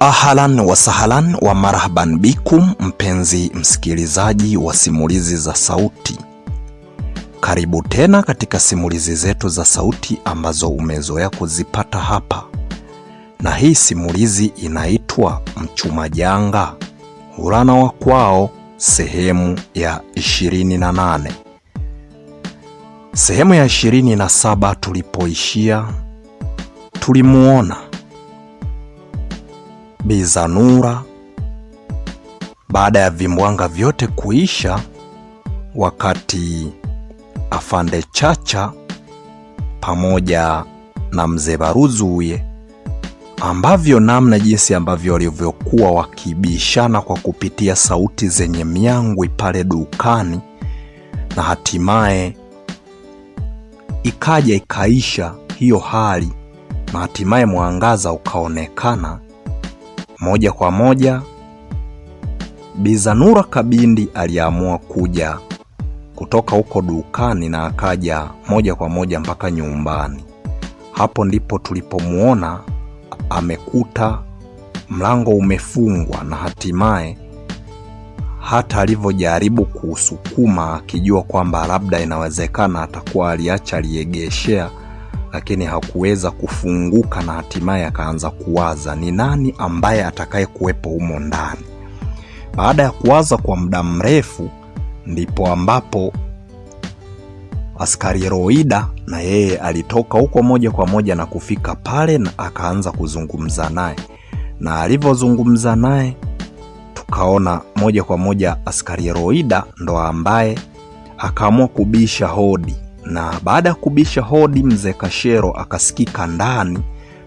ahalan wasahalan wa marhaban bikum, mpenzi msikilizaji wa simulizi za sauti, karibu tena katika simulizi zetu za sauti ambazo umezoea kuzipata hapa, na hii simulizi inaitwa Mchuma Janga Hurana wa Kwao, sehemu ya 28. Sehemu ya 27 tulipoishia tulimuona bizanura Baada ya vimbwanga vyote kuisha, wakati Afande Chacha pamoja na mzee huye ambavyo namna jinsi ambavyo walivyokuwa wakibishana kwa kupitia sauti zenye miangwi pale dukani, na hatimaye ikaja ikaisha hiyo hali, na hatimaye mwangaza ukaonekana moja kwa moja Bizanura Kabindi aliamua kuja kutoka huko dukani na akaja moja kwa moja mpaka nyumbani. Hapo ndipo tulipomuona amekuta mlango umefungwa, na hatimaye hata alivyojaribu kuusukuma akijua kwamba labda inawezekana atakuwa aliacha aliegeshea lakini hakuweza kufunguka na hatimaye akaanza kuwaza ni nani ambaye atakaye kuwepo humo ndani. Baada ya kuwaza kwa muda mrefu, ndipo ambapo askari Roida na yeye alitoka huko moja kwa moja na kufika pale na akaanza kuzungumza naye, na alivyozungumza naye tukaona moja kwa moja askari Roida ndo ambaye akaamua kubisha hodi na baada ya kubisha hodi, mzee Kashero akasikika ndani,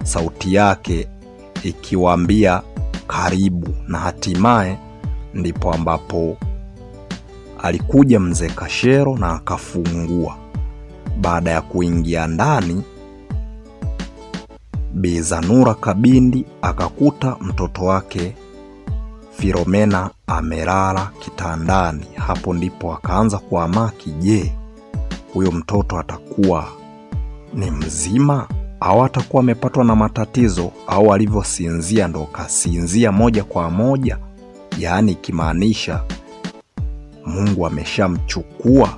sauti yake ikiwaambia karibu, na hatimaye ndipo ambapo alikuja mzee Kashero na akafungua. Baada ya kuingia ndani, Bi Zanura Kabindi akakuta mtoto wake Filomena amelala kitandani. Hapo ndipo akaanza kuamaki, je, huyo mtoto atakuwa ni mzima au atakuwa amepatwa na matatizo au alivyosinzia ndo kasinzia moja kwa moja, yaani ikimaanisha Mungu ameshamchukua.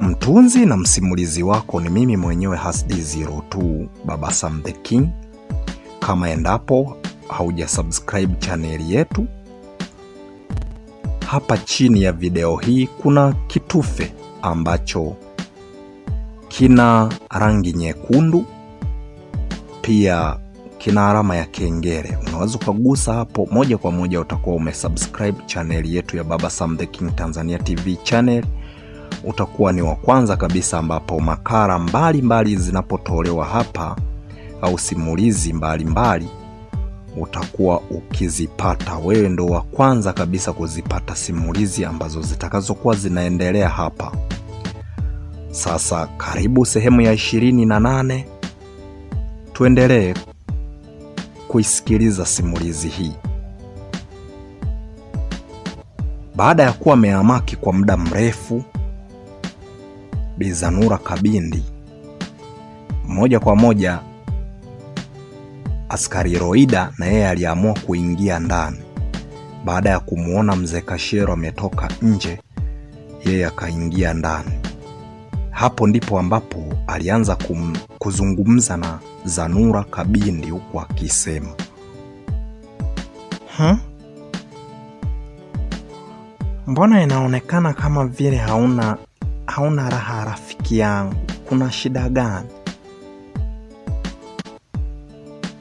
Mtunzi na msimulizi wako ni mimi mwenyewe Hasdi02 Baba Sam the King. Kama endapo subscribe chaneli yetu hapa chini ya video hii kuna kitufe ambacho kina rangi nyekundu, pia kina alama ya kengele. Unaweza ukagusa hapo moja kwa moja, utakuwa umesubscribe chaneli yetu ya Baba Sam The King Tanzania TV channel. Utakuwa ni wa kwanza kabisa ambapo makala mbalimbali zinapotolewa hapa au simulizi mbalimbali mbali, utakuwa ukizipata. Wewe ndo wa kwanza kabisa kuzipata simulizi ambazo zitakazokuwa zinaendelea hapa. Sasa karibu sehemu ya ishirini na nane, tuendelee kuisikiliza simulizi hii. Baada ya kuwa meamaki kwa muda mrefu, bizanura Kabindi moja kwa moja Askari Roida na yeye aliamua kuingia ndani. Baada ya kumwona mzee Kashero ametoka nje, yeye akaingia ndani. Hapo ndipo ambapo alianza kum, kuzungumza na Zanura Kabindi huku akisema huh? Mbona inaonekana kama vile hauna hauna raha rafiki yangu, kuna shida gani?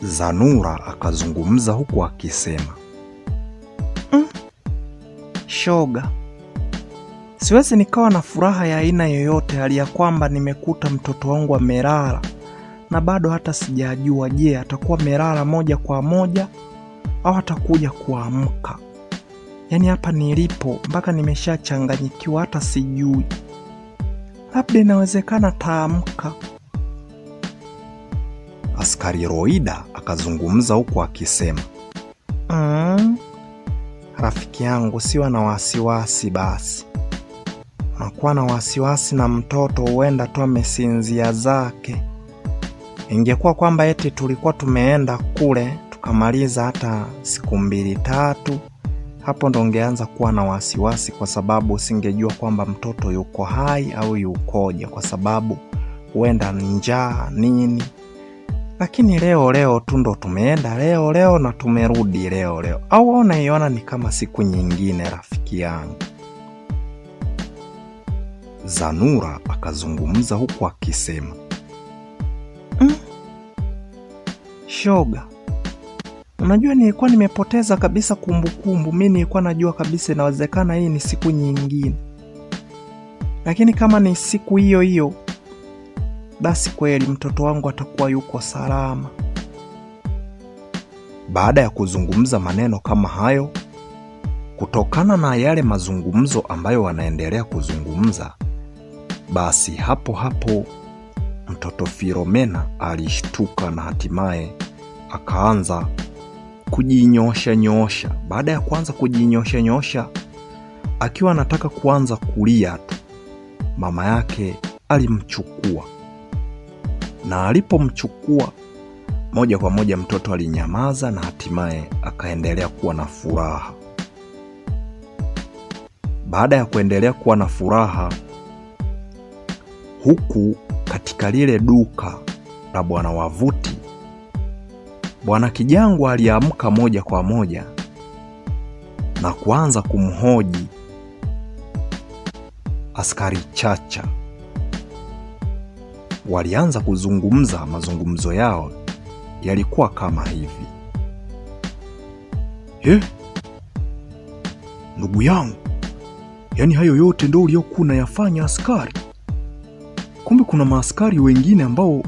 Zanura akazungumza huku akisema, mm, shoga, siwezi nikawa na furaha ya aina yoyote hali ya kwamba nimekuta mtoto wangu amelala na bado hata sijajua, je, atakuwa amelala moja kwa moja au atakuja kuamka? Yaani hapa nilipo mpaka nimeshachanganyikiwa, hata sijui, labda inawezekana taamka. Askari Roida akazungumza huku akisema, mm, rafiki yangu siwa na wasiwasi basi. Unakuwa na wasiwasi na mtoto, huenda tu amesinzia zake. Ingekuwa kwamba eti tulikuwa tumeenda kule tukamaliza hata siku mbili tatu, hapo ndo ungeanza kuwa na wasiwasi, kwa sababu usingejua kwamba mtoto yuko hai au yukoje, kwa sababu huenda njaa nini lakini leo leo tu ndo tumeenda leo leo na tumerudi leo leo, au unaiona ni kama siku nyingine, rafiki yangu? Zanura akazungumza huku akisema mm, shoga, unajua nilikuwa nimepoteza kabisa kumbukumbu. Mi nilikuwa najua kabisa inawezekana hii ni siku nyingine, lakini kama ni siku hiyo hiyo basi kweli mtoto wangu atakuwa yuko salama. Baada ya kuzungumza maneno kama hayo, kutokana na yale mazungumzo ambayo wanaendelea kuzungumza, basi hapo hapo mtoto Filomena alishtuka na hatimaye akaanza kujinyosha nyosha. Baada ya kuanza kujinyosha nyosha, akiwa anataka kuanza kulia tu, mama yake alimchukua na alipomchukua moja kwa moja mtoto alinyamaza na hatimaye akaendelea kuwa na furaha. Baada ya kuendelea kuwa na furaha, huku katika lile duka la bwana Wavuti, bwana Kijangwa aliamka moja kwa moja na kuanza kumhoji askari Chacha walianza kuzungumza. Mazungumzo yao yalikuwa kama hivi: He, ndugu yangu, yaani hayo yote ndio uliokuwa unayafanya askari? Kumbe kuna maaskari wengine ambao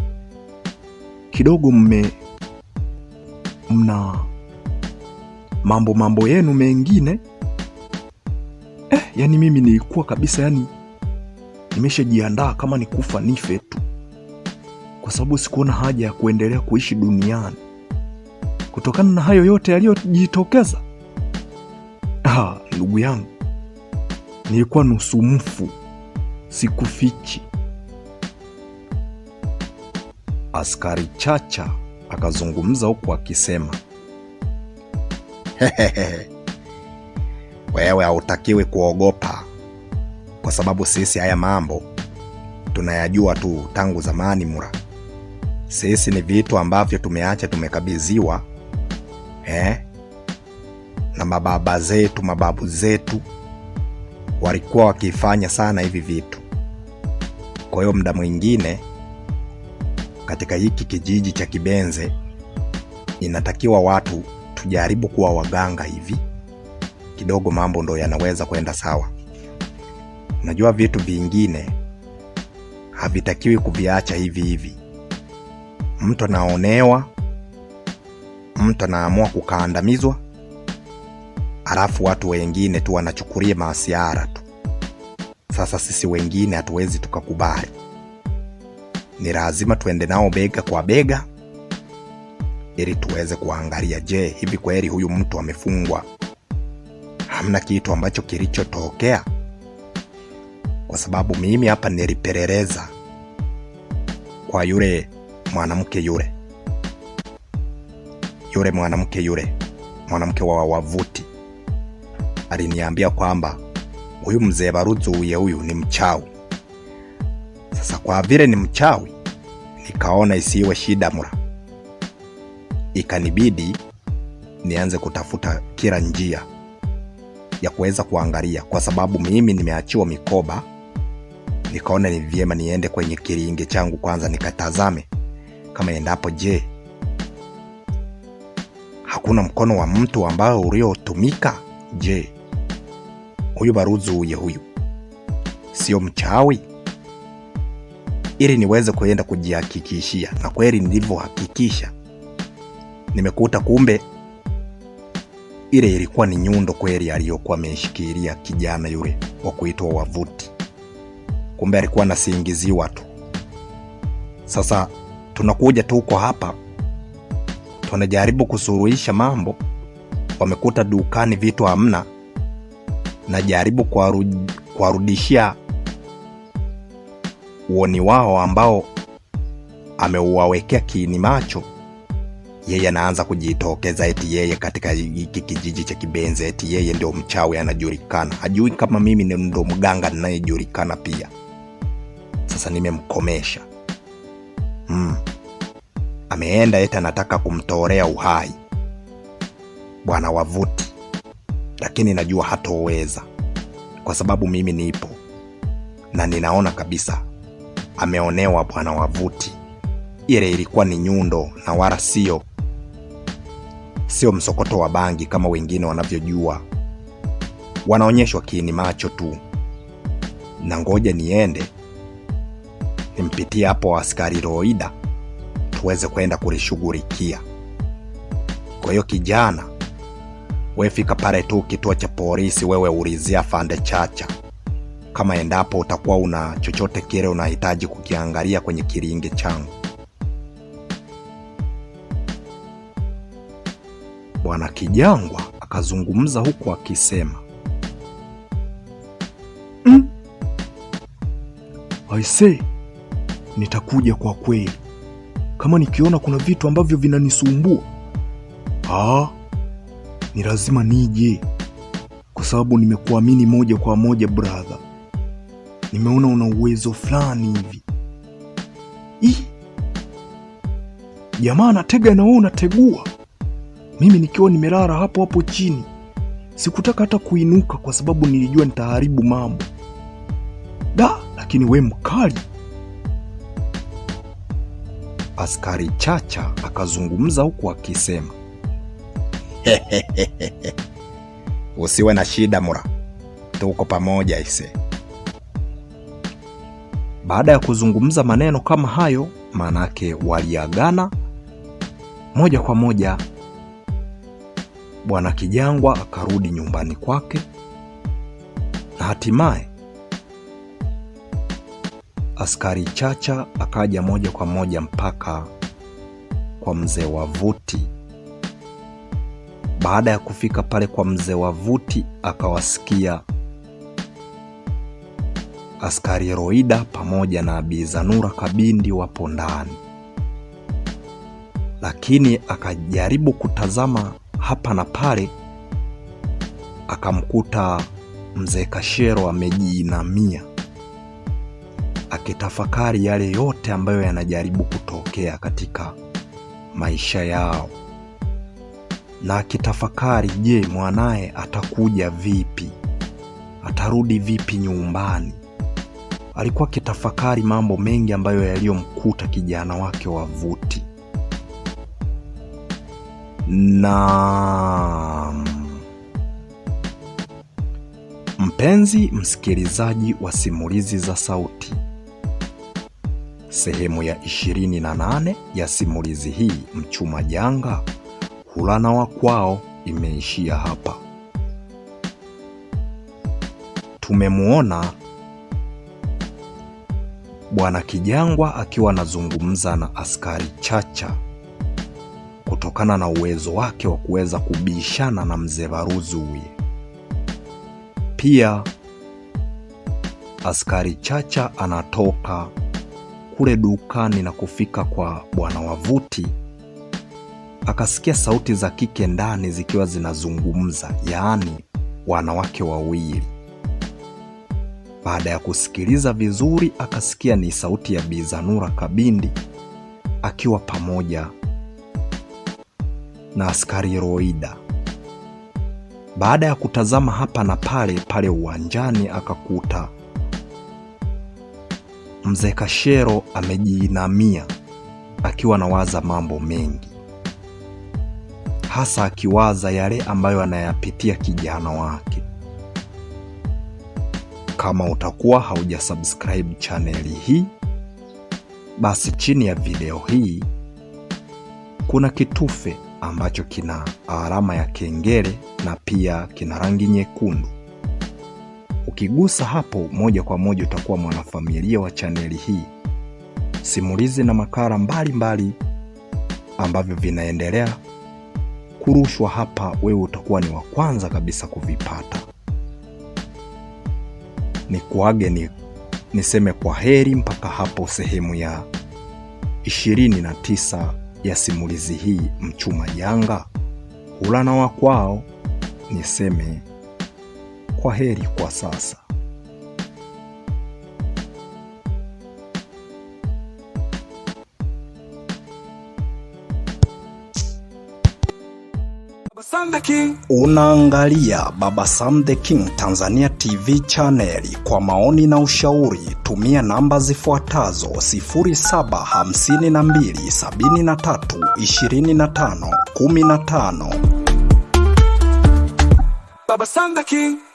kidogo mme mna mambo mambo yenu mengine eh. Yani mimi nilikuwa kabisa, yani nimeshajiandaa kama nikufa nife tu kwa sababu sikuona haja ya kuendelea kuishi duniani kutokana na hayo yote yaliyojitokeza. Ah, ndugu yangu, nilikuwa nusu mfu, sikufichi. Askari Chacha akazungumza huku akisema, wewe hautakiwi kuogopa, kwa sababu sisi haya mambo tunayajua tu tangu zamani mura sisi ni vitu ambavyo tumeacha tumekabidhiwa eh, na mababa zetu, mababu zetu walikuwa wakifanya sana hivi vitu. Kwa hiyo muda mwingine katika hiki kijiji cha Kibenze inatakiwa watu tujaribu kuwa waganga hivi kidogo, mambo ndo yanaweza kwenda sawa. Unajua vitu vingine havitakiwi kuviacha hivi hivi mtu anaonewa, mtu anaamua kukandamizwa, alafu watu wengine tu wanachukulia maasiara tu. Sasa sisi wengine hatuwezi tukakubali, ni lazima tuende nao bega kwa bega ili tuweze kuangalia, je, hivi kweli huyu mtu amefungwa? Hamna kitu ambacho kilichotokea? Kwa sababu mimi hapa nilipeleleza kwa yule mwanamke yule yule mwanamke yule mwanamke wa wavuti aliniambia kwamba huyu mzee Baruzuye huyu ni mchawi. Sasa kwa vile ni mchawi, nikaona isiwe shida mura, ikanibidi nianze kutafuta kila njia ya kuweza kuangalia, kwa sababu mimi nimeachiwa mikoba. Nikaona ni vyema niende kwenye kiringe changu kwanza nikatazame kama endapo je, hakuna mkono wa mtu ambao uliotumika? Je, huyu baruzu uye huyu sio mchawi? Ili niweze kuenda kujihakikishia, na kweli nilivyohakikisha, nimekuta kumbe ile ilikuwa ni nyundo kweli aliyokuwa ameshikilia kijana yule wa kuitwa Wavuti. Kumbe alikuwa anasingiziwa tu. Sasa tunakuja tuko hapa tunajaribu kusuruhisha mambo, wamekuta dukani vitu hamna, najaribu kuwarudishia uoni wao ambao amewawekea kiini macho. Yeye anaanza kujitokeza eti yeye katika hiki kijiji cha kibenze eti yeye ndio mchawi anajulikana, hajui kama mimi ndo mganga ninayejulikana pia. Sasa nimemkomesha mm ameenda eti anataka kumtorea uhai bwana Wavuti, lakini najua hatoweza kwa sababu mimi nipo na ninaona kabisa ameonewa bwana Wavuti. Ile ilikuwa ni nyundo na wala sio sio msokoto wa bangi kama wengine wanavyojua, wanaonyeshwa kiini macho tu. Na ngoja niende nimpitie hapo askari Roida tuweze kwenda kulishughulikia. Kwa hiyo kijana, wefika fika pale tu kituo cha polisi, wewe ulizia Fande Chacha kama endapo utakuwa una chochote kile unahitaji kukiangalia kwenye kilingi changu. Bwana Kijangwa akazungumza huku akisema mm, aisee, nitakuja kwa kweli kama nikiona kuna vitu ambavyo vinanisumbua, ah, ni lazima nije, kwa sababu nimekuamini moja kwa moja brother. Nimeona una uwezo fulani hivi. Ih, jamaa anatega na wewe unategua, mimi nikiwa nimelala hapo hapo chini. Sikutaka hata kuinuka kwa sababu nilijua nitaharibu mambo da, lakini we mkali. Askari Chacha akazungumza huku akisema, usiwe na shida Mura, tuko pamoja ise. Baada ya kuzungumza maneno kama hayo, manake waliagana moja kwa moja. Bwana Kijangwa akarudi nyumbani kwake na hatimaye Askari Chacha akaja moja kwa moja mpaka kwa mzee Wavuti. Baada ya kufika pale kwa mzee Wavuti, akawasikia askari Roida pamoja na Bi Zanura Kabindi wapo ndani, lakini akajaribu kutazama hapa na pale, akamkuta mzee Kashero amejiinamia akitafakari yale yote ambayo yanajaribu kutokea katika maisha yao, na akitafakari, je, mwanaye atakuja vipi? Atarudi vipi nyumbani? Alikuwa akitafakari mambo mengi ambayo yaliyomkuta kijana wake Wavuti, na mpenzi msikilizaji wa simulizi za sauti Sehemu ya 28 ya simulizi hii Mchuma Janga hula na wa kwao imeishia hapa. Tumemwona Bwana Kijangwa akiwa anazungumza na askari Chacha kutokana na uwezo wake wa kuweza kubishana na mzee huye. Pia askari Chacha anatoka kule dukani na kufika kwa Bwana Wavuti, akasikia sauti za kike ndani zikiwa zinazungumza, yaani wanawake wawili. Baada ya kusikiliza vizuri, akasikia ni sauti ya bizanura Kabindi akiwa pamoja na askari Roida. Baada ya kutazama hapa na pale pale uwanjani, akakuta Mzee Kashero amejiinamia akiwa anawaza mambo mengi, hasa akiwaza yale ambayo anayapitia kijana wake. Kama utakuwa haujasubscribe chaneli hii, basi chini ya video hii kuna kitufe ambacho kina alama ya kengele na pia kina rangi nyekundu. Ukigusa hapo moja kwa moja utakuwa mwanafamilia wa chaneli hii. Simulizi na makala mbalimbali mbali ambavyo vinaendelea kurushwa hapa, wewe utakuwa ni wa kwanza kabisa kuvipata. Nikuage ni niseme kwa heri mpaka hapo sehemu ya 29 ya simulizi hii Mchuma Janga hula na wakwao. Niseme kwa heri kwa sasa. Unaangalia Baba Sam the King Tanzania TV channel. Kwa maoni na ushauri tumia namba zifuatazo 0752732515 Baba Sam the King